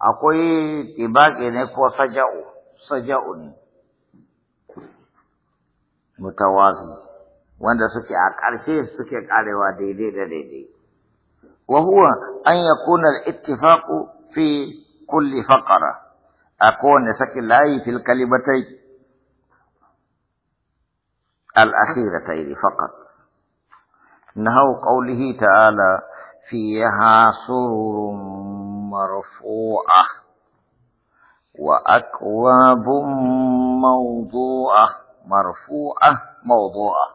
akwai tibaƙi ne ko saja'u saja'u ne mutawazi wanda suke a ƙarshe suke ƙarewa daidai da daidai wa huwa an yakuna al-ittifaqu fi kulli faqara a kowane sakin layi fil kalimatai al-akhiratai faqat nahu qawlihi ta'ala fiha sururun مرفوعة وأكواب موضوعة مرفوعة موضوعة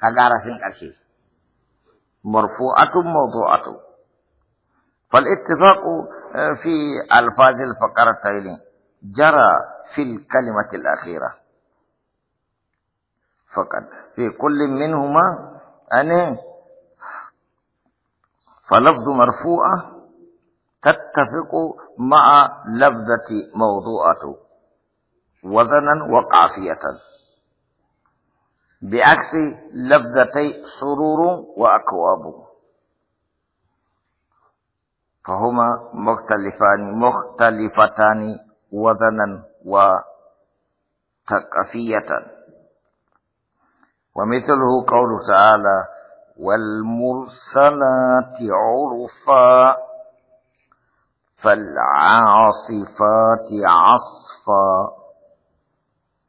كدار سين كرشي مرفوعة موضوعة فالاتفاق آه، في ألفاظ الفقرة جرى في الكلمة الأخيرة فقط في كل منهما أن فلفظ مرفوعة تتفق مع لفظة موضوعة وزنا وقافية بعكس لفظتي سرور وأكواب فهما مختلفان مختلفتان وزنا وثقافية ومثله قوله تعالى والمرسلات عرفا فالعاصفات عصفا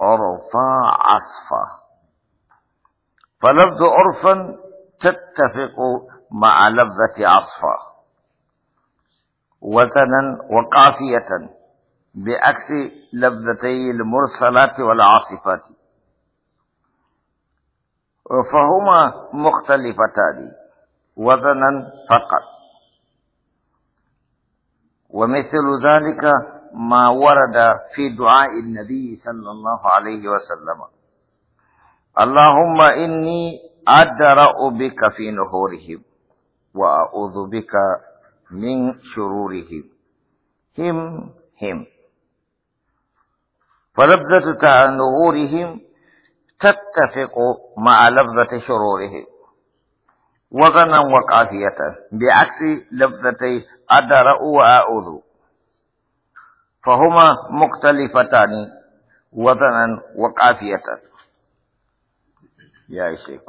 عرفا عصفا فلفظ عرفا تتفق مع لفظة عصفا وزنا وقافية بعكس لفظتي المرسلات والعاصفات فهما مختلفتان وزنا فقط ومثل ذلك ما ورد في دعاء النبي صلى الله عليه وسلم اللهم إني أدرأ بك في نهورهم وأعوذ بك من شرورهم هم هم فلفظة نهورهم تتفق مع لفظة شرورهم وغنا وقافية بعكس لفظتي a wa a'udhu. Fahuma muktalifatani wadanan wa qafiyatan. Ya isi